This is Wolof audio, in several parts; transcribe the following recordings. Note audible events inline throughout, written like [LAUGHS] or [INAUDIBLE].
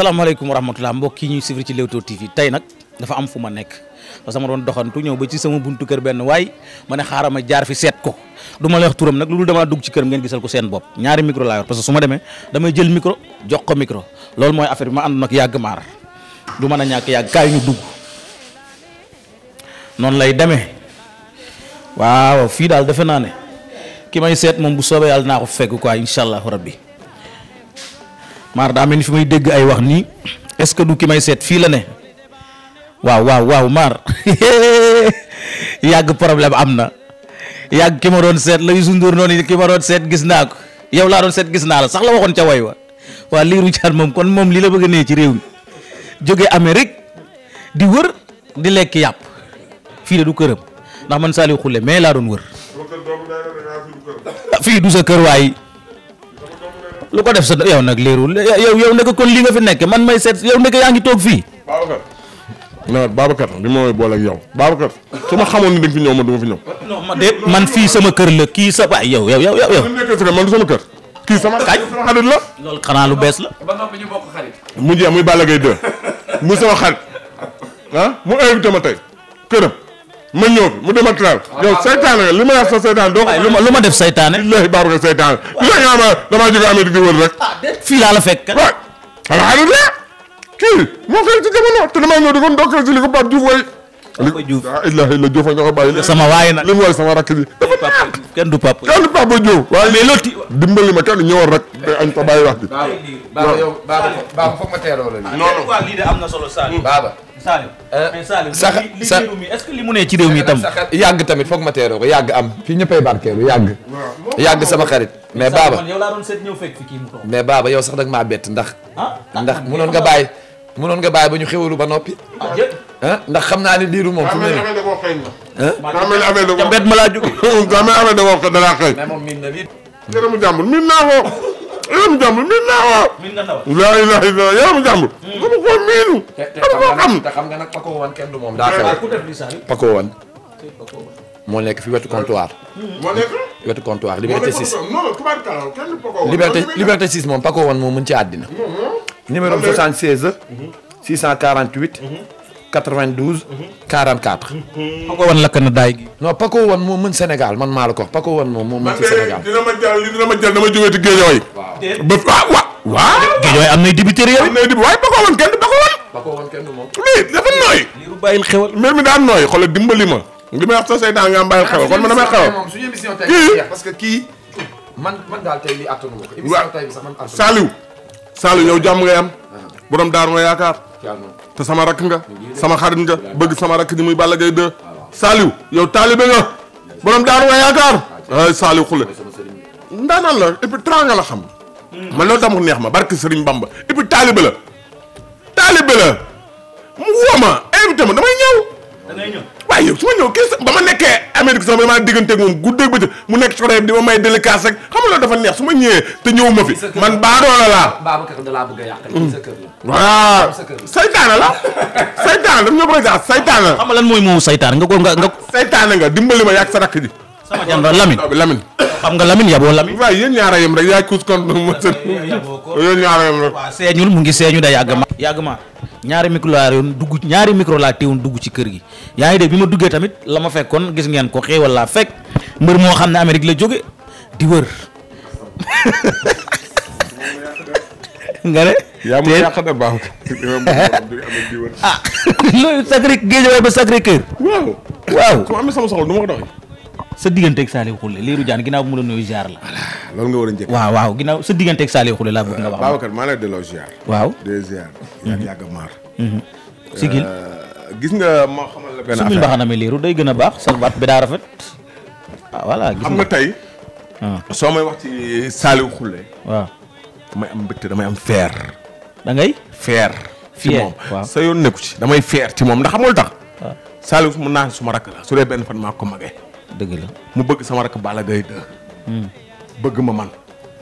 salaamaaleykum wa rahmatulah mbokk yi ñuy suivre ci Leewtoo TV tey nag dafa am fu ma nekk parce que ma doon doxantu ñëw ba ci sama buntu kër benn waay ma ne xaaral ma jaar fi seet ko du ma la wax turam nag loolu damaa dugg ci kër ngeen gisal ko seen bopp ñaari micro laa yor parce que su ma demee damay jël micro jox ko micro loolu mooy affaire bi ma àndoon ak yàgg maar du mën a ñàkk yàgg kaay ñu dugg noonu lay demee waaw fii daal defe naa ne ki may seet moom bu soobee yàlla naa ko fekk quoi incha allahu rabbi maar daa mel ni fi may dégg ay wax nii est-ce que du ki may seet fii la ne waaw waaw waaw maar [LAUGHS] yàgg problème am na yàgg ki ma doon seet la Youssou Ndour noonu ki ma doon seet gis naa ko yow laa doon seet gis naa la sax la waxoon ca way wa waa Lirou Diane moom kon moom lii la bëgg a nee ci réew mi jóge Amérique di wër di lekk yàpp fii de du këram ndax man Saliou Khoule mais laa doon wër fii du sa kër waay lu ko def sa yow nag leerul yow yow nag kon li nga fi nekke man may seet yow nag yaa ngi toog fii. Babacar non Babacar may boole yow Babacar su ma xamoon ni da nga fi ñëw man du ma fi ñëw. man de man fii sama kër la kii sa waay yow yow yow yow. man du sama kër. kii sama xarit la. loolu xanaa lu bees la. ba noppi mu jeex muy Balla Gaye 2 mu sama xarit ah mu invité ma tey këram. ma ñëw mu dem ak taal. yow saytaane ma yàq sa saytaane lu ma lu ma def seytaane billahi baaru nga saytaane. waaw li nga xam damaa jóge amee di rek. Ah, fii laa la fekk. waaw alhamdulilah kii moo koy ci sama mu waay sama rakk waaye ah, mais loolu dimbali ma kenn ñëwoon rek day añ ta bàyyi wax bi. baaba yow baaba foog ma teeroo la. non non na solo Sall. baaba. Saliou euh, mais Saliou li li réew mu ne ci réew mi itam. yàgg tamit foog ma teeroo ko yàgg am fii ñëppay barkeelu yàgg. yàgg sama xarit. mais Baba yow laa doon seet ñëw fekk fi kii mu toog. mais Baba yow sax nag maa bett ndax. Ah, ndax ah, munoon nga bàyyi munoon nga bàyyi ba ñu xéwalu ba noppi. Ah, ndax xam naa ne liiru moom. fu mu ne nii maa ni affaire da koo xëy na. maa mel ni affaire da koo xëy na. maa mel ni affaire da yaamu jàmbur miin naa waaw. miin na ndaw laa ilaaha illallaah yaamu jàmbur. Hmm. dama koo miinu. dama koo xam te xam nga nag Paco Wane kenn du moom daa xew. Ah, Paco Wane. moo nekk fi wetu comptoir. Hmm. moo nekk. wetu comptoir Liberté 6. Liberté Liberté 6 moom Paco Wane moom mën ci àddina. Hmm. numéro 76. 648. 92. 44. Paco Wane lakk na daay gi. non Paco Wane moo Sénégal man maa la ko wax Paco Wane moom moo Sénégal. dina ma jàll li dina jàll dama jógee ci Guédiawaye. waaw ba waaw waaw. waaw Guédiawaye am nay dibiteri yow. am nay waaye Paco Wane kenn du Paco Wane. mais dafa nooy. lii lu dimbali ma. li may wax sa seytaan nga am bàyyil ah, xewal kon man damay xewal. parce que kii. man man daal ma jàmm ngay am ah. borom daaru nga yaakaar te sama rakk sama xarit nga bëgg sama rakk ni muy Balla Gaye 2 Saliou yow taalibe nga borom daaru nga yaakaar ay Saliou xule ndaanaan la et puis teraanga la xam man loolu dama neex ma barke Serigne Bamba et puis taalibe mu woo ma invité ma damay waaye yow su ma ñëw kii ba ma nekkee Amérique sax damaa diggante ak moom guddeeg bëccëg mu nekk ci côté bi di ma may délicace rek dafa neex su ma ñëwee te ñëw ma fi. man baadoola laa. Babacar da laa bëgg a mm. sa kër la. waaw saytaana la saytaana daf ñoo bëgg a saytaana. xam nga ko nga nga. Ah, saytaana nga dimbali ma yàq sa rakk ji. sama jàmbaar Lamine Lamine. xam nga Lamine yaboo Lamine. waaw yéen ñaara yem rek mu sën yéen seeñul mu ngi seeñu da yàgg ma. ma ñaari micro laa yoon dugg ñaari micro laa téewoon dugg ci kër gi yaa ngi dégg bi ma duggee tamit la ma fekkoon gis ngeen ko xéewal laa fekk mbër moo xam ne Amérique la jóge di wër. [LAUGHS] nga de baax ah [LAUGHS] loolu sacré géej ba sacré cœur. waaw. su ma amee sama soxla du ma ko doxee. sa digganteeg Saliou Khoulé Lirou Diane ginnaaw bu mu la nuyu ziar la. a njëkk. waaw waaw ginnaaw sa digganteeg Saliou Khoulé laa bëgg nga wax. Babacar maa lay delloo ziar. waaw de ziar. yàgg yàgg maar. Mm-hmm. Euh, nga ma xamal day gën a baax sa baat bi daa rafet. Ah, xam nga tey. Ah. soo may wax ci Saliou am mbégte damay am feer. da moom sa yoon nekku ci damay feer ci moom ndax amul tax. waaw ah. Saliou su ma naan suma rakk su dee benn fan maa ko magee. dëgg la mu bëgg sama rakk bala Gaye da hmm. bëgg ma man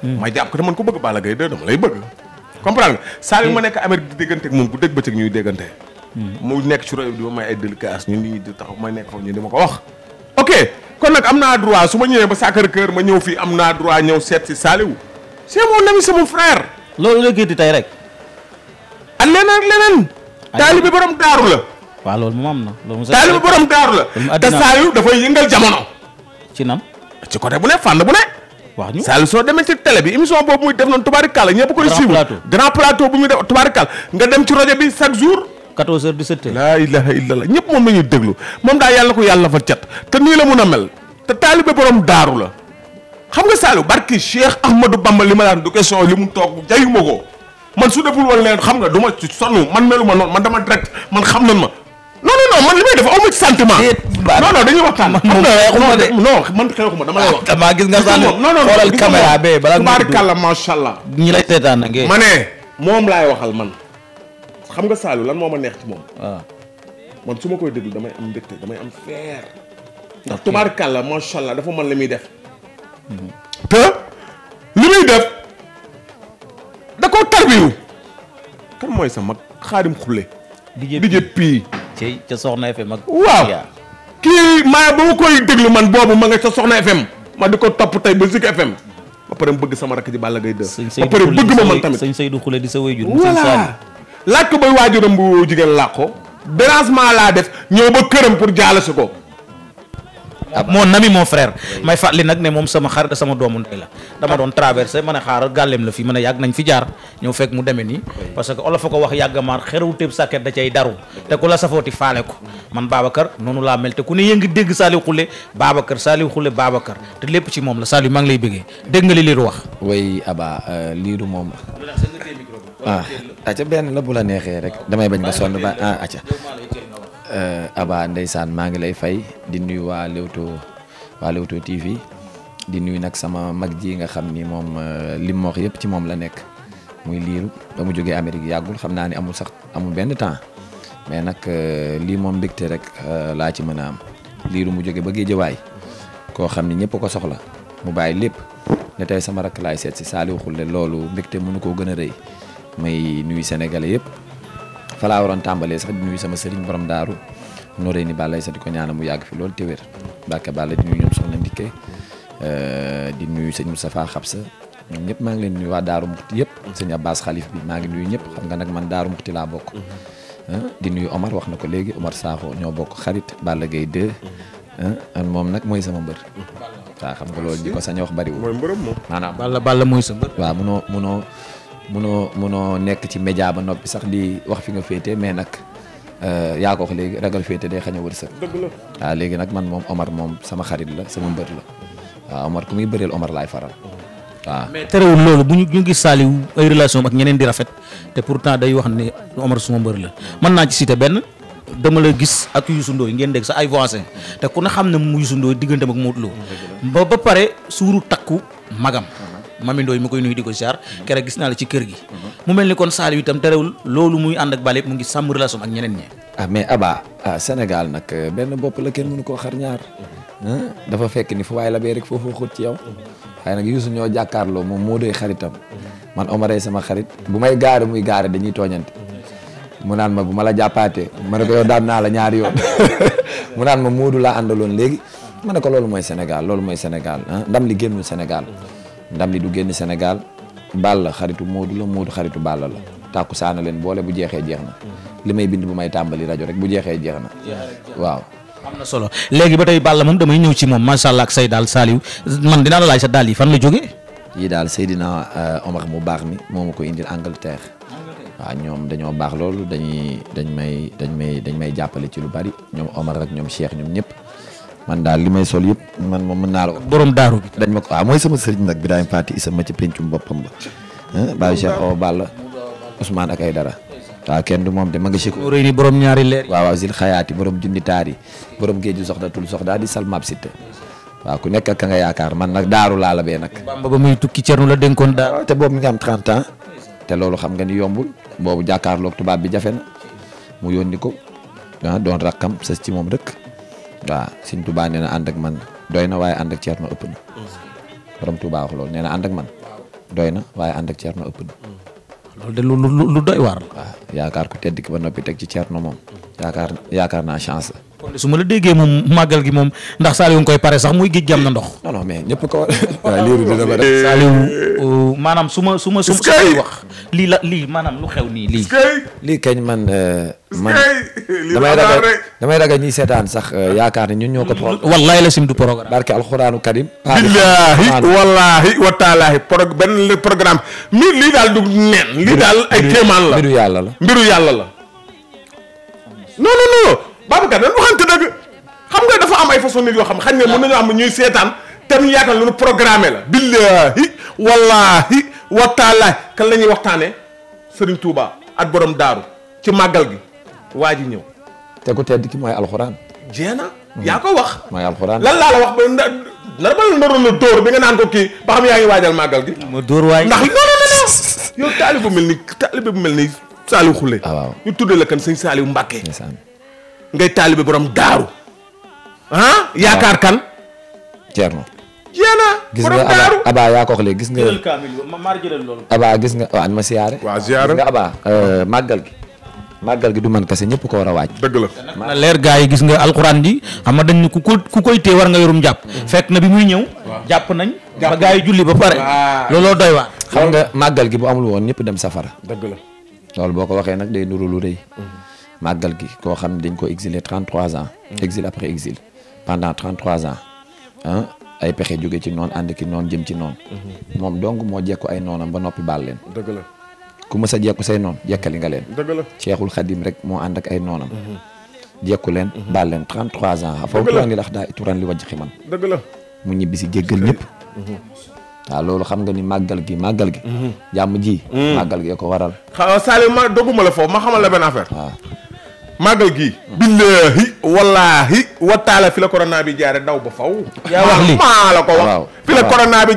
hmm. ma jàpp ko te man ko bëgg Balla Gaye 2 dama lay bëgg comprendre nga hmm. saa ma nekk Amérique di déggante moom bu dégg bëccëg ñuy déggante mu nekk ci royaume di ma may ay délicaces ñun ñi di taxaw may nekk foofu ñu di ma ko wax ok kon nag am naa droit su ma ñëwee ba sacré kër ma ñëw fii am naa droit ñëw seet si Saliou c'est mon ami c'est mon frère loolu la di tey rek ak leneen ak leneen taalibe borom daaru la waaw loolu moom am na. loolu moom taalibu borom daaru la. te saayu dafay yëngal jamono. ci nan. ci côté bu ne fànn bu ne. wax ñu Saliou soo demee ci télé bi émission boobu muy def noonu tubaarikàlla ñëpp koy suivre grand plateau bu muy def tubaarikàlla nga dem ci rajo bi chaque jour. 14 laa ilaha illallah ñëpp moom la ñuy déglu moom daal yàlla ko yàlla fa cat te nii la mun a mel te taalibe borom daaru la xam nga Saliou barki Cheikh Ahmadou Bamba li ma daan du question li mu toog jayuma ko man su deful woon leen xam nga du ma man melu ma noonu man dama direct man xam nañ ma non non non man li may def aw ma ci sentiment. non non dañuy waxtaan. man xew ma dama lay wax. Ah, damaa gis nga sànni xoolal caméra macha allah. ñi lay seetaan nag. Eh. ma ne moom laay waxal man xam nga Saliou lan moo ma neex ci moom. Ah. man su ma koy déglu damay am mbégte damay am feer. ndax tubaarkàlla macha allah dafa man la muy def. Mhm. te li muy def da koo tarbiyu. kan mooy sa mag xaadim xule. dijé pii cey ca Soxna FM ak. waaw kii maa ba ma koy déglu man boobu ma nga ca Soxna FM. ma di ko topp tey ba Zik FM. ba pare bëgg sama rakk ji Balla Gaye 2. ba pare bëgg ma man tamit sëñ Seydou Khoule di sa wéy jur. voilà laaj ko bay waajuram bu jigéen làqo dérangement laa def ñoo ba këram pour jaalase ko. Ah, mon ami mon frère may fàttali nag ne moom sama xarit sama doomu ndey la dama doon traversé ma ne xaaral gàllem la fii ma ne yàgg nañ fi jaar ñëw fekk mu demee nii parce que olof a ko wax yàgg maar xerewu sàkket da cay daru te ku la safooti faale ko man Babacar noonu laa mel te ku ne yëngi dégg Saliou Khoulé Babacar Saliou Khoulé Babacar te lépp ci moom la Saliou maa ngi lay bëggee dégg nga li liiru wax way aba euh, liiru moom ah aca benn bu la neexee rek damay bañ nga sonn ba ah Euh, Aba ndeysaan maa ngi lay fay di nuyu waa Leewtoo waa Leewtoo TV di nuyu nag sama mag ji nga xam ni moom euh, li mu wax yëpp ci moom la nekk muy liiru ba mu jógee Amérique yàggul xam naa ni amul sax amul benn temps mais nag euh, lii moom mbégte rek laa ci mën a am liiru mu jóge ba géejawaay koo xam ni ñëpp ko soxla mu bàyyi lépp ne tey sama rakk laay seet si Saliou Khoulé loolu mbégte mënu koo gën a rëy may nuyu sénégalais yëpp. fa laa waroon tàmbalee sax di nuyu sama sëriñ borom daaru nooree ni Balla sa di ko ñaanal mu yàgg fi loolu te wér Mbacke Balla di nuyu ñoom soxna Ndikke euh, di nuyu sëñ Moustapha Xabsa ñoom ñëpp maa ngi leen nuyu waa Daaru Muxti yëpp sëñ Abbas Xalif bi maa ngi nuyu ñëpp xam nga nag man Daaru Muxti laa bokk mhm. di nuyu Omar wax na ko léegi Omar Sakho ñoo bokk xarit Balla gay 2 moom nag mooy sama mbër mhm. waaw xam nga loolu di ko sañ wax bariwul mooy mbërëm moom maanaam Balla Balla mooy munoo munoo nekk ci média ba noppi sax di wax fi nga féete mais nag euh, yaa ko wax léegi ragal féete day xañ a wërsëg. dëgg la léegi nag man moom Omar moom sama xarit la sama mbër la waaw Omar ku muy bëreel Omar laay faral. waaw mais terewul loolu bu ñu ñu gis Saliou ay relation ak ñeneen di rafet te pourtant day wax ne Omar suma mbër la mën naa ci cité benn dama la gis ak Youssou Ndoye ngeen dégg sa ay voisins te ku ne xam ne mu Youssou Ndoye digganteem ak Modou Lo ba ba pare suuru takku magam. Mami Ndoye mu koy nuyu di ko saar kere gis naa la ci kër gi mu mel ni kon Saliou itam terewul loolu muy ànd ak Balla mu ngi sàmm relation ak ñeneen ñi ah mais Aba ah Sénégal nag euh, benn bopp la kenn mënu koo xar ñaar mhm. dafa fekk ni fu waaye la bee rek foofu xóot ci yow mhm. waaye nag Youssou ñoo jàkkaarloo moom moo doy xaritam mhm. man Omar sama xarit bu may gaare muy gaare dañuy tooñante mu naan ma bu ma la jàppaatee ma ne ko yow daan naa la ñaari yoon [LAUGHS] mu naan ma Moodu laa àndaloon léegi ma ne ko loolu mooy Sénégal loolu mooy Sénégal ndam li génnul Sénégal ndam li du génn Sénégal Balla xaritu Modou la moodu xaritu Balla la tàkku saana leen boole bu jeexee jeex na li may bind bu may tàmbali rajo rek bu jeexee jeex na waaw solo léegi ba tey Balla moom damay ñëw ci moom macha allah ak say daal Saliou man dinaa la laaj sa daal yi fan la jógee yii daal Seydina euh, Omar mu baax ni moo ma ko indil Angleterre waaw ñoom dañoo baax loolu dañuy dañ may dañ may dañ may jàppale ci lu bari ñoom Omar ak ñoom Cheikh ñoom ñëpp man daal li may sol yëpp man moom mën naa la ko. borom daaru bi dañ ma ko waaw mooy sama sëriñ nag bi daañu fàtte isa ma ci pencum boppam ba. Baye Cheikh Awa Balla Ousmane ak ay dara. waaw kenn du moom de ma nga si ko. rëy ñaari leer yi. waaw waaw zil xayaati borom junni taar yi borom géeju soxda di salmaab sitte waaw ku nekk ak nga yaakaar man nag daaru laa bee nag. Bamba ba muy tukki cernu la dénkoon daaru. te boobu mi nga am 30 te loolu xam nga ni yombul. boobu jàkkaarloog tubaab bi jafe na mu yónni ko ah doon rakkam sa ci moom rek waaw sëñ Touba nee na ànd man doy na waaye ànd ak Thierno ëpp na. borom Touba wax loolu nee na ànd man doy na waaye ànd ak Thierno ëpp na. loolu de lu doy waar la. yaakaar ku tedd ki ba noppi teg ci Thierno moom yaakaar yaakaar naa chance la. su ma la déggee moom màggal gi moom ndax Saliou nga koy pare sax muy géej gi am na ndox. non mais ñëpp ko. [LAUGHS] waaw a dina euh, maanaam su ma su wax. lii la lii maanaam xew nii lii. lii kañ man. Euh, man damay ragal damay ragal ñiy seetaan sax euh, yaakaar ne ñun ñoo ko. wallahi la sim du programme. barke alxuraanu karim. Ah, billaahi wallaahi wa taalaahi pro benn programme mi lii daal du neen. lii daal ay kéemaan yàlla la. mbiru yàlla la non non non Babacar dañ waxante dëgg xam nga dafa am ay façon nit yoo xam xañ ne mën nañu am ñuy seetaan te ñu yaatal lu ñu programmé la billaahi wallaahi kan la ñuy waxtaane sëriñ Touba at borom daaru ci màggal gi waa ji ñëw te ko mooy alxuraan jeena mm. yaa ko wax mooy alxuraan lan laa la wax la naroon la bi nga naan ko kii ba xam màggal gi ma dóor ndax mel ni taalibu mel ni Saliou Khoule. Ah, waaw ñu tuddee la kan sëñ Saliou Mbacke. ngay taalibe borom daaru. ah, ah. yaakaar kan. Thierno. gis nga Aba Aba yaa ko wax léegi gis nga. Aba gis nga waaw ma siyaare. waaw siyaare nga Aba. Euh, màggal gi. du man kase ñëpp ko war a waaj. dëgg leer gaa yi gis nga alxuraan ji xam nga dañ ku ko ku koy téye war nga yorum jàpp. Mm-hmm. fekk na bi muy ñëw. jàpp nañ. ba gaa yi julli ba pare. looloo doy waar. xam nga màggal gi bu amul woon ñépp dem safara. dëgg la. loolu boo ko waxee nag day nuru lu rëy. Mm-hmm. màggal gi koo xam ne dañ ko exilé 33 ans. Mm-hmm. exil après exil pendant 33 ans ay pexe jóge ci noonu ànd ki noonu jëm ci noonu. Mm-hmm. moom donc moo jekku ay noonam ba noppi baal leen. dëgg la ku mës a jekku say noon jekkali nga leen. dëgg la Cheikhul Khadim rek moo ànd ak ay noonam. jekku leen. baal leen 33 ans. dëgg la foofu turan li lax daa turan li wàjj ximan. dëgg la mu ñibbi si jéggal ñëpp. waaw loolu xam nga ni màggal gi màggal gi. Mhm. jàmm ji. Mhm. màggal gi ko waral. xaw Saliou la foofu ma xamal la benn affaire. waaw gi. Mhm. billaahi wallaahi wa fi la corona bi jaare daw ba faw. yaa wax li maa la ko wax. waaw fi la corona bi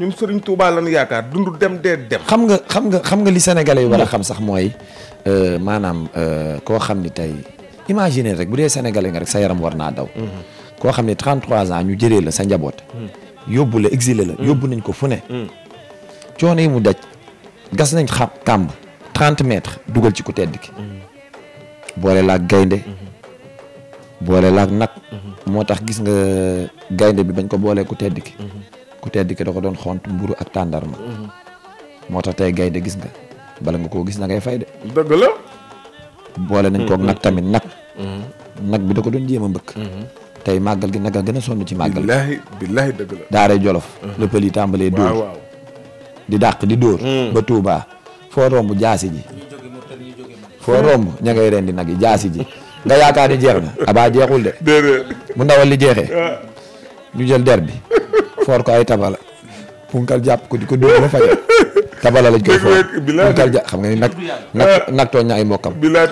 ñun Serigne Touba lañu yaakaar dund dem dee dem. xam nga xam nga xam nga li sénégalais yi war a xam sax mooy euh, maanaam euh, koo xam ni tey imaginer rek bu dee sénégalais nga rek sa yaram war naa daw. Mm-hmm. koo xam ne 33 ans ñu jëlee la sa njaboot. Mm. yóbbu la exilé la. Mm. yóbbu nañ ko fu ne. Mm. coono yi mu daj gas nañ xab kàmb 30 dugal ci ku tedd ki. boole laag gaynde. Mm-hmm. boole laag nag. Mm-hmm. moo tax gis nga euh, gaynde bi bañ ko boolee ku tedd ki. ku tedd ki ko doon xont mburu ak tàndarma moo tax tey gaynde gis nga bala nga koo gis na ngay fay de boole nañ koog nag tamit nag mm-hmm. nag bi da doon jéem a mbëkk mm-hmm. tey màggal gi naga gën a sonn ci màggal billaahi dëgg la daaray jolof la pël yi tàmbalee di dàq di dóor mm. ba Touba foo romb jaasi ji foo romb ña ngay rendi nag yi ji nga yaakaar ni jeex na abaa jeexul de mu ndawal li jeexee ah. ñu jël der bi foor ko ay tabala punkal jàpp ko di ko dóor ba fajar tabala lañ koy foofu bilaay xam na ah. ay mbokkam bilaay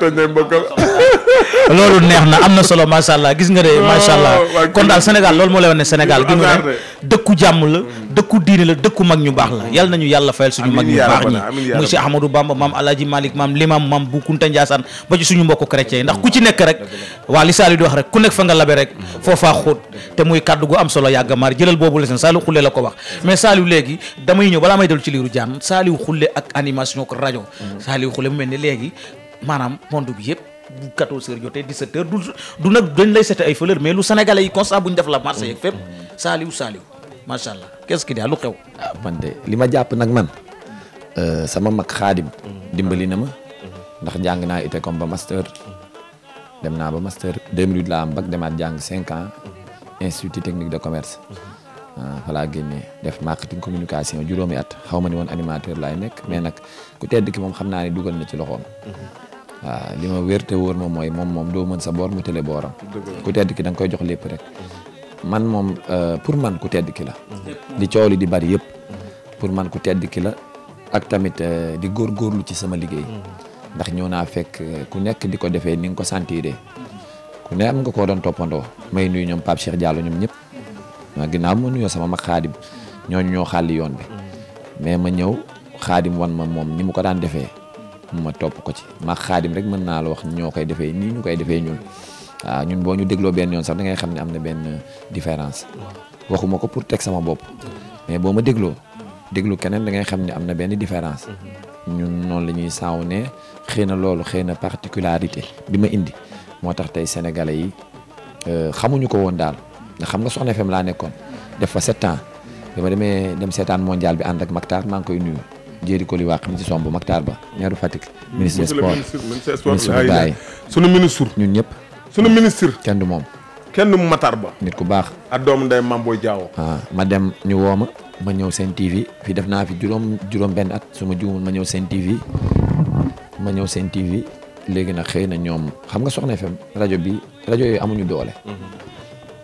[LAUGHS] na am na solo macha allah gis nga de oh, macha allah kon daal Sénégal loolu moo lay wax ne Sénégal gi ñu ne jàmm la mm. dëkku diine la dëkku mag ñu baax la mm. yal nañu yàlla fayal suñu mag ñu baax ñi muy si Ahmadou Bamba maam Alaaji Malick maam ba ci suñu mbokku chrétien ku ci nekk rek waa li wax rek ku nekk fa nga labe rek mm. foofaa xóot te muy kàddu gu am solo yàgg maar boobu la seen Saliou la ko wax mais Saliou léegi damay ñëw balaa may dellu ci liiru jaan Saliou Khoule ak animation ko rajo. Mhm. Saliou Khoule mu mel ni léegi maanaam monde bi yëpp bu 14h jotee 17 du du nag dañ lay seete ay fleur mais lu sénégalais yi constat bu ñu def la marché yeeg fépp mhm. Mhm. Saliou Saliou macha allah qu'est-ce qu'il y xew. ah man de li ma jàpp nag man euh, sama mag xaadim dimbali na ma. ndax jàng naa ite comme ba master. dem naa ba master 2008 laa am bac demaat jàng 5 ans institut technique de commerce. Euh, fa laa génnee def marketing communication juróomi at xaw ma ni woon animateur lay nekk mais nag ku tedd ki moom xam na ne dugal na ci loxoom. Mm-hmm. waaw li ma wér te moom mooy moom moom doo mën sa boor mu tële booram. ku tedd ki da nga koy jox lépp rek. Mm-hmm. man moom euh, pour man ku tedd ki la. Mm-hmm. li coow di bari yëpp. pour man ku tedd ki la ak tamit euh, di góorgóorlu ci sama liggéey. ndax ñëw naa fekk ku nekk di ko defee ni nga ko sentiree. ku ne am nga koo doon toppandoo. may nuyu ñoom Pape Cheikh Diallo ñoom ñëpp. ginnaaw ma nuyoo sama mag xaadim ñooñu ñoo xàlli yoon bi mais ma ñëw xaadim wan ma moom ni mu ko daan defee ma topp ko ci ma xaadim rek mën naa la wax ñoo koy defee nii ñu koy defee ñun waaw ah, ñun boo ñu dégloo benn yoon sax da ngay xam ne am na benn différence waxuma ko pour teg sama bopp mais boo ma dégloo déglu keneen da ngay xam ne am na benn différence ñun noonu la ñuy saaw ne xëy na loolu xëy na particularité bi ma indi moo tax tey sénégalais yi euh, xamuñu ko woon daal ndax xam nga Soxna FM laa nekkoon def fa sept ans bi demee dem seetaan mondial bi ànd ak Mactar maa ngi koy nuyu jéeri ko li waa xam ci bu Mactar ba ñaaru Fatick ministre des sports ministre des sunu ministre ñun ñëpp sunu ministre kenn du moom kenn du Matar ba nit ku baax ak doomu ndey Mame Boye Diao ah ma dem ñu woo ma ma ñëw seen TV fi def naa fi juróom juróom benn at su ma juumul ma ñëw seen TV ma ñëw seen TV léegi nag xëy na ñoom xam nga Soxna FM rajo bi rajo yi amuñu doole mhm.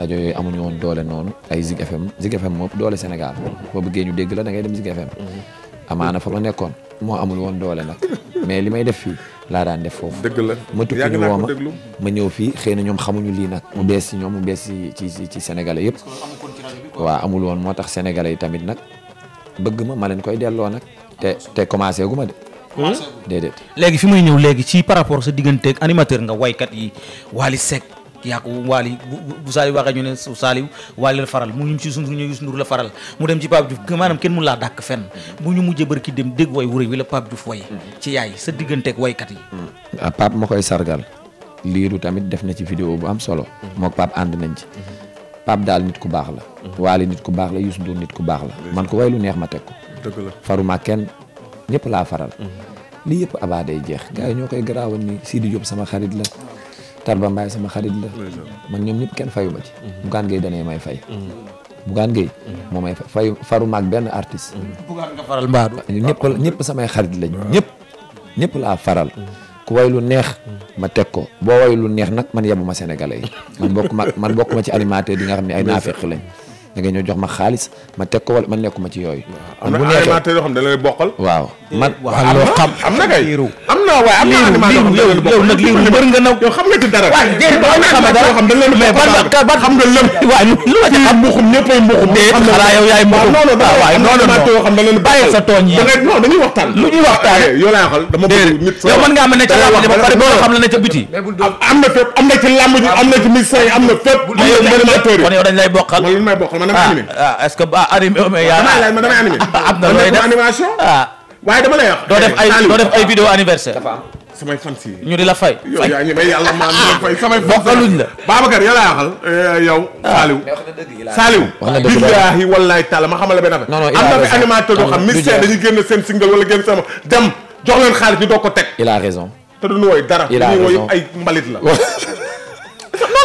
rajo yooyu amuñu woon doole noonu ay Zig FM Zig FM moom doole Sénégal boo bëggee ñu dégg la da ngay dem Zig FM mhm. amaana fa ma nekkoon moo amul woon doole nag mais li may def fii laa daan def foofu dëgg la ma tukki ñu woo ma ma ñëw fii xëy na ñoom xamuñu lii nag mu bees si ñoom mu bees si ci ci Sénégalais yëpp waaw amul woon moo tax Sénégalais yi tamit nag bëgg ma ma leen koy delloo nag te te commencé gu ma de déedéet léegi fi may ñëw léegi ci par rapport sa digganteeg animateur nga waykat yi waali Seck yaa ko waali bu Saliou waxee ñu ne Saliou waali la faral mu ñu ci suñu ñëw Youssou Ndour la faral mu dem ci Pape Diouf maanaam kenn mun laa dàkk fenn bu ñu mujjee bërki dem dégg way wuré wi la Pape Diouf way ci yaay sa digganteeg waykat yi ah Pape ma koy sargal liiru tamit def na ci vidéo bu am solo mook Pape ànd nañ ci Pape daal nit ku baax la waali nit ku baax la Youssou Ndour nit ku baax la man ko way lu neex ma teg ko dëgg la faruma kenn ñëpp laa faral mhm. lii yëpp abaa day jeex gars yi ñoo koy garaawal ni Sidi Diop sama xarit la Tarba Mbaye sama xarit la. man ñoom ñëpp kenn fayu ma ci. Mhm. Bougane Gueye danay may fay. Mhm. Bougane Gueye. Mhm. moo may fay faru maag benn artiste. Bougane nga faral mbaadu. ñëpp samay xarit lañu. ñëpp ñëpp laa faral. ku way lu neex ma teg ko boo way lu neex nag man yebuma sénégalais yi [LAUGHS] man bokk ma man bokk ma ci animateur yi nga xam ne ay naafeq lañ da nga ñëw jox ma xaalis ma teg ko wala man nekkuma ci yooyu. man bokkal. waaw man. Eh, waaw xam na kay. am na waaye am na animation yow nag lii mbër nga naw yow xam nga ci dara waaye jéem ba nga xam dara xam dañ leen mais ban ban xam nga lëm waaye lu la ci xam mbuxum ñëppay mbuxum dee xala yow yaay mbuxum non non waaye non non non xam dañ leen bàyyi sa tooñ yi non dañuy waxtaan lu ñuy waxtaan yow laa xal dama bëgg nit yow mën nga am ne ca làmb ji ba pare bo xam la ne ca biti am na fépp am na ci làmb ji am na ci mission yi am na fépp yow mbër ma tëri kon yow dañ lay bokkal wala may bokkal man dama animé est-ce que animé yaa am na lay animation waaye dama lay wax. doo def ay doo def ay vidéo anniversaire. dafa ñu di la fay. fay yow yaa yàlla maa ngi fay samay. bokkaluñ la Babacar yow laa yaxal eh, yow. Saliou ah. Saliou. na dëgg billaahi wallaahi taala ma xamal la a raison am na fi animateur doo xam ministère dañuy génn seen single wala génn sama dem jox leen xaalis ñu doog ko teg. il a raison. te duñu woy dara. il a raison ay mbalit la. [LAUGHS]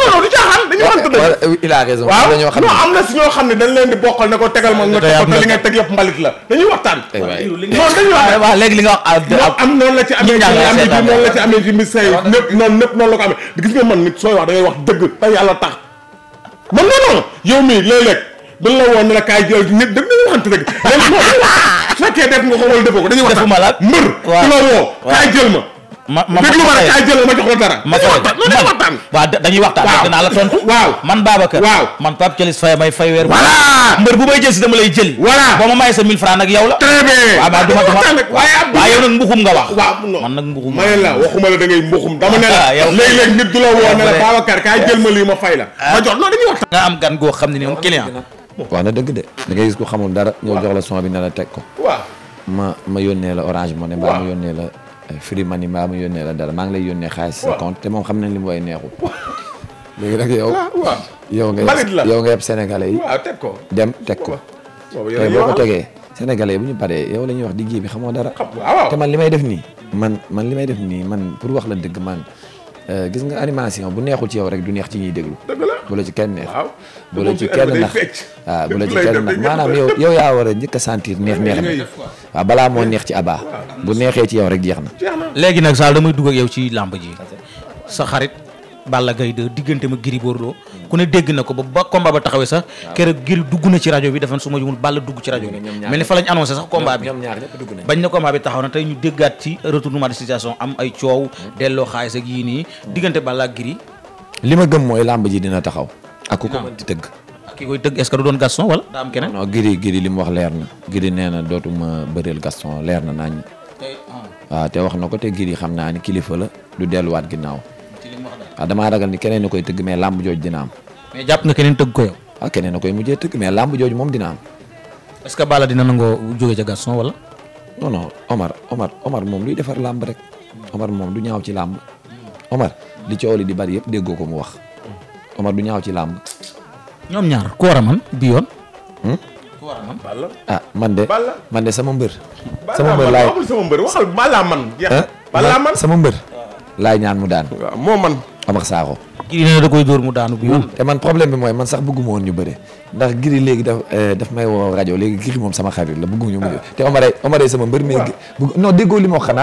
non non du dañu waxante dëgg. a raison waaw na si ñoo xam ne dañ leen di bokkal ne ko tegal ma nga toog te li nga teg yëpp mbalit la dañuy waxtaan. non dañuy waxtaan la ci amee sooy wax da wax dëgg te yàlla tax man non non yow mii léeg-léeg la woon ne la kaay jël nit dañ lay waxante dëgg [LAUGHS] léegi su fekkee def nga ko wala defoo ma ma ma déglu ma rek ay jël ma jox la dara. ma fay ma waxtaan waaw dañuy waxtaan. waaw dinaa la tontu. waaw man Babacar. waaw man Pape Thialis Faye may fay weer. voilà mbër bu may jël si dama lay jëli. voilà boo ma maye sa 1000 francs nag yow la. très bien waaw waaw duma duma waaye yow nag mbuxum nga wax. waaw non man nag mbuxum. ma ne la waxuma la da ngay mbuxum. dama ne la [LAUGHS] léeg-léeg nit du la woo ne la Babacar kaay jël ma lii ma fay la. Ah. ma jox non dañuy waxtaan. nga am gan goo xam ne ni moom client. waaw na dëgg de da ngay gis ko xamul dara ñëw jox la son bi ne la teg ko. waaw ma ma yónnee la orange mo ne mbaa ma yónnee la Free Money mbaa mu yónnee la dara maa ngi lay yónnee xaalis sa compte te moom xam nañ li mu way neexul léegi nag yow ah, yow nga yow nga yi teg ko dem teg ko tey boo ko tegee sénégalais yi bu ñu paree yow la ñuy wax di ji bi xamoo dara te man li may def nii man man li may def nii man pour wax la dëgg man Euh, gis nga animation bu neexul ci yow rek du neex ci ñuy déglu. bu la ci ken neex. bu la ci kenn nax waaw bu la ci kenn ah, maanaam yow yow yaa war a a sentir neex neex bi waaw balaa moo neex ci abaa bu neexee ci yow rek jeex na. léegi nag Sall damay dugg ak yow ci làmb ji sa xarit. Balla Gaye 2 diggante ma Gris Bordeaux ku ne dégg na ko ba ba combat ba taxawee sax keroog Gris dugg na ci rajo bi dafa su ma jumul Balla dugg ci rajo bi mel ni fa lañ annoncé sax combat bi bañ na combat bi taxaw na tey ñu déggaat ci retournement de situation am ay coow hmm. delloo xaalis ak yii nii hmm. diggante Balla ak li ma gëm mooy làmb ji dina taxaw ak ku ko mënti tëgg ki koy tëgg est-ce que du doon Gaston wala daa am keneen non Gris li mu wax leer na Gris nee na dootuma bëreel Gaston leer na nañ ah. waaw te wax na ko te Gris xam naa ni kilifa la du delluwaat ginnaaw waaw ah, damaa ragal ni keneen koy tëgg mais làmb jooju dina am. mais jàpp nga keneen tëgg ko yow. waaw ah, keneen na koy mujjee tëgg mais làmb jooju moom dina am. est que Balla dina nangoo jóge ca Gaston wala. non non Omar Omar Omar moom luy defar làmb rek. Omar moom du ñaaw ci làmb. Omar li di bari yëpp déggoo ko mu wax. Omar du ci làmb. ñoom ñaar ku war a man bi yoon. Hmm? ah man de sama mbër. sama mbër laay waxal ñaan mu daan. Amar Sakho. Gris nee na da koy dóor mu daanu bu yoon. Hmm. te man problème bi mooy man ma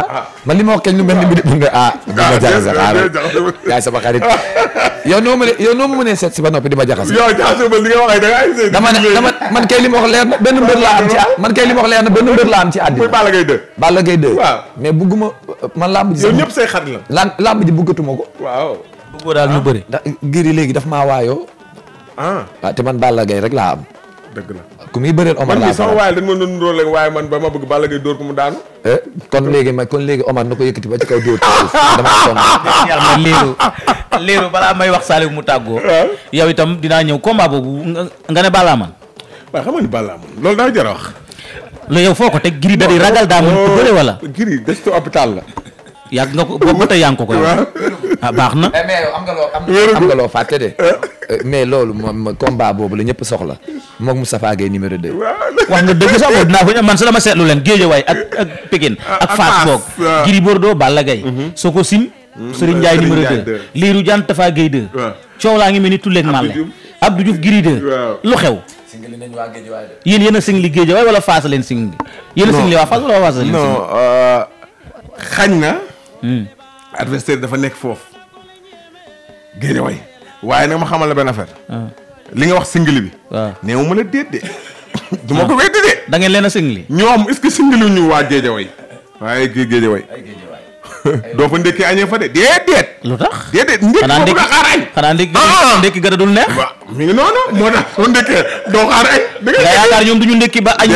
ah. ma wax kañ lu mel ni bi mun nga ah, ah, ma jaxase ma ma mënee seet si ba noppi di ma jaxase yow jaxase ba li kay li ma wax leer na benn mbër laa am ci man kay ma wax leer na benn mbër laa am ci àddina Balla Gaye 2 mais bëgguma man lamb ji yow xarit la lamb ji bëggatuma ko waaw bëggoo daal ñu ah. bëri. ndax giri léegi daf maa waayoo. ah waaw ah, te man Balla Gaye rek laa am. dëgg la ku muy bëreel Omar laa sama waaye dañ ma doon nuroo léegi waaye man ba ma bëgg Balla Gaye dóor ko mu daanu. Eh, kon léegi ma kon léegi Omar na ko yëkkati ba ci kaw dóor [LAUGHS] dama sonn. yàlla balaa may wax Saliou mu tàggoo. Ah. yow itam dinaa ñëw combat boobu nga ne Balla man. waaw xam nga ni Balla man loolu daa jar wax. loolu yow foo ko teg giri da di ragal daa mën bëre wala. Oh, giri desto hôpital la. yàgg nga ko boobu ba Ah, baax na. Eh, mais am nga loo fàtte de. Eh. Eh, mais loolu moom combat boobu la ñëpp soxla moom Moustapha Gueye numéro 2. wax nga dëgg sax dinaa ko man su la ma seetlu leen Guédiawaye ak ak Pikine ah, ak Fass boog. waaw ah. Gris Bordeaux Balla Gaye. Mhm. Sokocim. Mhm. Serigne Ndiaye coow laa ngi mel ni Tulle ak Malle. Abdou Diouf Gris 2. lu xew. singli nañ waa Guédiawaye de. yéen yéen a singli Guédiawaye wala Fass leen singli. yéen a singli waa Fass singli. Euh, xañ na. Hmm. adversaire dafa nekk foofu Guédiawaye waaye nag ma xamal la benn fer ah. li nga wax singli bi. Ah. waaw ma la déet de. [LAUGHS] du ma ko weddi de. Ah. da leen a singili. ñoom est-ce que ñu waa Guédiawaye. waaye Guédiawaye. [LAUGHS] doo fa ndékkee añee fa de déet déet. lu tax déedéet ndékki xanaa ndékki ndékki gën a ah, ah. dul neex waaw ngi noonu moo tax soo ndékkee doo xaar añ da yaakaar ñoom duñu ndékki ba añ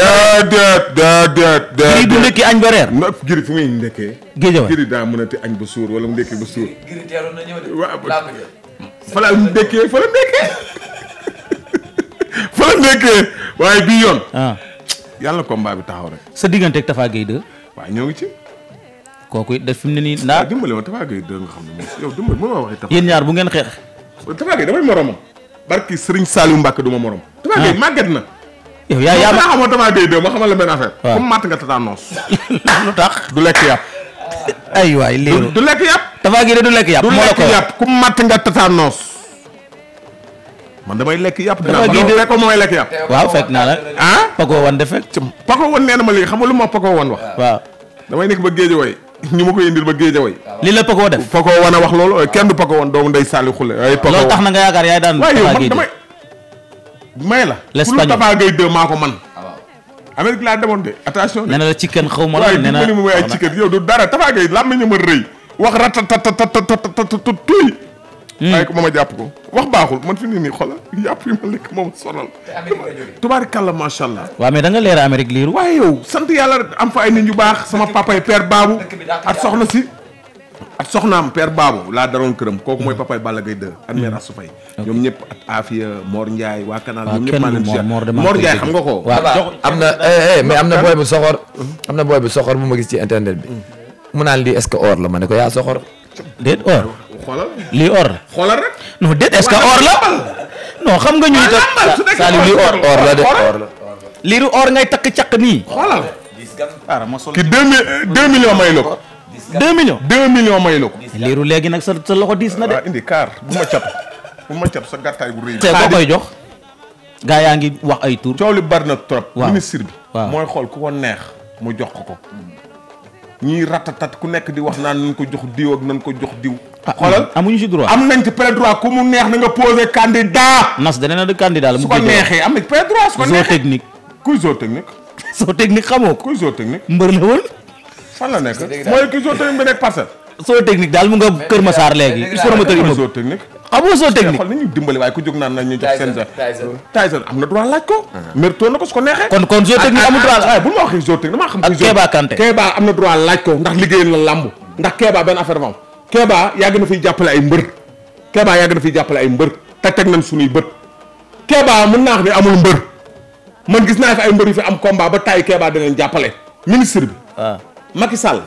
ba reer giri fu muy ndékkee géej giri daa mën a te añ suur wala mu ndékki ba suur giri teeloon na ñëw la ndékkee fa la ndékkee fa la ndékkee [LAUGHS] waaye bii yoon ah. yàlla combat bi taxaw rek sa diggante ak Tafa Gueye 2 kooku it def fi ne nii ndaar dimbale ma Tapha Gueye ñaar bu ngeen xeex Tapha Gueye damay moromam barki Serigne Saliou Mbacke du ma morom ah. Tapha Gueye màgget na yow yaa yaa ma xamoo Tapha Gueye ma xamal la benn affaire comme matt nga tétanos [LAUGHS] lu tax du lekk yàpp [LAUGHS] ay waay léegi du lekk yàpp Tapha Gueye de du lekk yàpp du lekk yàpp comme matt nga tétanos man damay lekk yàpp dinaa fekk ma may lekk yàpp waaw fekk naa la ah Paco wan de fekk Paco wan nee ma léegi xam nga lu ma Paco wan wax waaw damay nekk ba géej way ñu ma koy indil ba géejaway li la Paco def Paco wan a wax loolu kenn du Paco woon doomu ndey saali xule ay Paco loolu tax na nga yaakaar yaay daan waaye yow man la l'espagnol Tapha Gueye 2 maa ko man ah, Amérique laa demoon bi attention nee na la chicken xaw ma la nee na waaye mu ay chicken yow du dara Tapha Gueye làmmiñ ma rëy wax ratatatatatatatatuy waaye mm. ko moom a jàpp ko wax baaxul man fi mu ne nii xoolal yàpp yi ma lekk moom sonal. tubaarkàlla macha allah. waaw mais da nga leer Amérique liiru. waaye yow sant yàlla am fa ay nit ñu baax sama papa yi baabu Babou ak soxna si. ak soxnaam père Babou laa daroon këram kooku mooy mm. papay Balla Gaye 2 ak mère Assou Faye ñoom ñëpp ak Afia Mor Ndiaye waa Canal ñoom ñëpp maa leen Mor xam nga ko am na eh, eh, mais am na booy bu soxor mm-hmm. am na booy bu soxor bu ma gis ci internet bi mm-hmm. mu naan lii est-ce que or la ma ne ko yaa soxor xoolal lii or la. xoolal rek. non déet ce que or la. non xam nga ñuy ah, tax Saliou lii or or la de or la. lii du or ngay takk caq nii. xoolal. ah ma sol. te deux may la ko. de millions deux millions may ko. liiru léegi nag sa sa loxo diis na de. Ah, indi kaar bu ma cap bu ma cap sa gàttaay bu rëy. te ko koy jox. gaa yaa ngi wax ay tur. coow li bari na trop. waaw ministre bi. waaw mooy xool ku ko neex mu jox ko ko. ñuy tat ku nekk di wax naan nañ ko jox diw ak nañ ko jox diw. Ah, xoolal amuñu ci droit am nañ ci peut-être droit ku mu neex na nga posé candidat. nas dana na de candidat la mu. su ko neexee am nañ peut-être droit su ko neexee. kuy zoo technique. zoo technique xamoo ko. mbër la woon. fan la nekk mooy kuy zoo technique bi nekk parcelle. zoo technique daal mu nga Kër Massar léegi. il faut promoteur amoo soo technique nañu dimbali waaye ku jóg naan nañu am na droit laaj ko mérito na ko su ko neexee kon kon soo technique amul droit waaye ah, ah, ah, bu ma ko ndax liggéeyal na ndax Kéba benn affaire moom na fiy jàppale ay mbër Kéba yàgg na fiy jàppale ay mbër te teg nañ suñuy bët Kéba mën naa wax amul mbër man gis naa fi ay mbër yu fi am combat ba tay Kéba danañ jàppale ministre bi waaw Macky Sall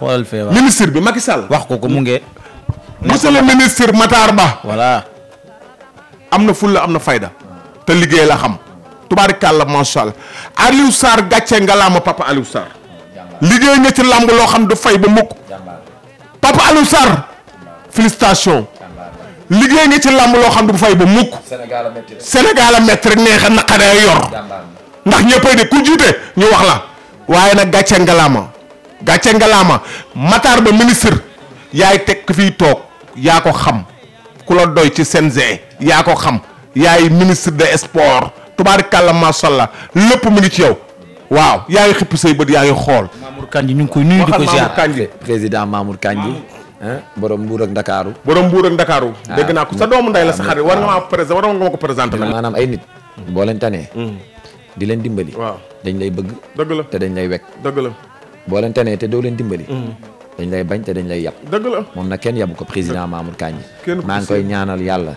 ministre bi Macky Sall wax ko ko mu ngee monsieur ministre Matar Ba voilà am na fulla am na fayda te liggéey la xam tubaarikàlla macha allah Aliou Sarr gàcce ngalaama papa Aliou Sarr liggéey nga ci làmb loo xam du fay ba mukk papa Aliou Sarr félicitation liggéey nga làmb loo xam du fay ba mukk Sénégal a métti rek neex a naqaree yor ndax ñëppay de ku jiite ñu wax la waaye nag gàcce ngalaama gàcce ngalaama Matar ba ministre yaay teg fii toog yaa ko xam ku la doy ci CNG yaa ko xam yaay ministre des sports tubaarikàlla macha allah lépp mu ngi ci yow waaw yaa ngi xëpp say bët yaa ngi xool. Mamour Kandji ñu ngi koy nuyu di ko ziar président Mamour Kandji borom Mbuur ak Ndakaaru. borom Mbuur Ndakaaru. Ah, dégg naa ko sa doomu nday la sa xarit war nga maa présenté war nga ma ko présenté. maanaam ay nit. tanee. Hmm. di leen dimbali. waaw dañ lay bëgg. dëgg te dañ lay wekk. dëgg la boo tanee te doo leen dimbali. Hmm. dañ lay bañ te dañ lay yab. moom na kenn yabu ko président Mamour Kandji. maa ngi koy ñaanal yàlla.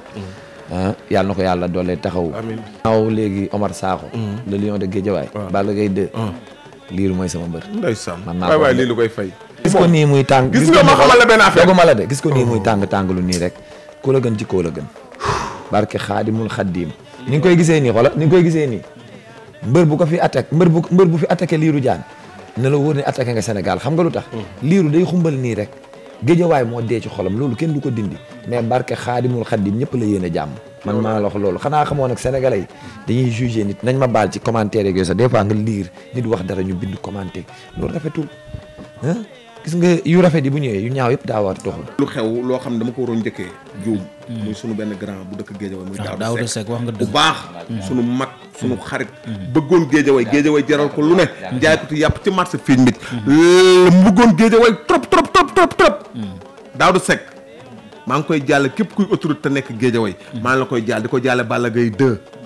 Ah, yàlla na ko yàlla doole taxaw amiin naaw léegi Omar saako mm. le lion de Guédiawaye. waaw Balla Gaye 2. Ah. liiru mooy sama mbër. ndeysaan koy fay. gis ko nii muy tàng gis nga gis ko nii muy oh. tàng tàng lu nii rek ku la gën ci koo la gën. barke xaadimul xaddiim. ni nga koy gisee nii xoola ni nga koy gisee nii mbër bu ko fi attaque mbër bu mbër bu fi attaqué liiru jaan ne la wóor ne attaqué nga Sénégal xam nga lu tax mm. liiru day xumbal nii rek géejawaay moo dee ci xolam loolu kenn du ko dindi mais barke xaadimul xaddim ñëpp la yéene jàmm man maa lox loolu xanaa xamoo nag sénégalais yi dañuy jugé nit nañ ma baal ci commentaire yeeg yooyu sax des fois nga liir nit wax dara ñu bind commenté loolu rafetul gis nga yu rafet yi bu ñëwee yu ñaaw yëpp daa war lu xew loo xam ne dama ko waroon njëkkee juum muy sunu benn grand bu dëkk géejawaay muy Daawda Seck wax nga bu baax sunu mag sunu mm. xarit mm. bëggoon géejawaay géejawaay jaral ko lu ne njaay mm. ko yàpp ci marché fiiñ bi mu bëggoon géejawaay trop trop trop trop trop Daawda Seck maa ngi koy jàll képp kuy autorité nekk géejawaay maa ngi la koy jàll di ko jàlle Balla Gaye 2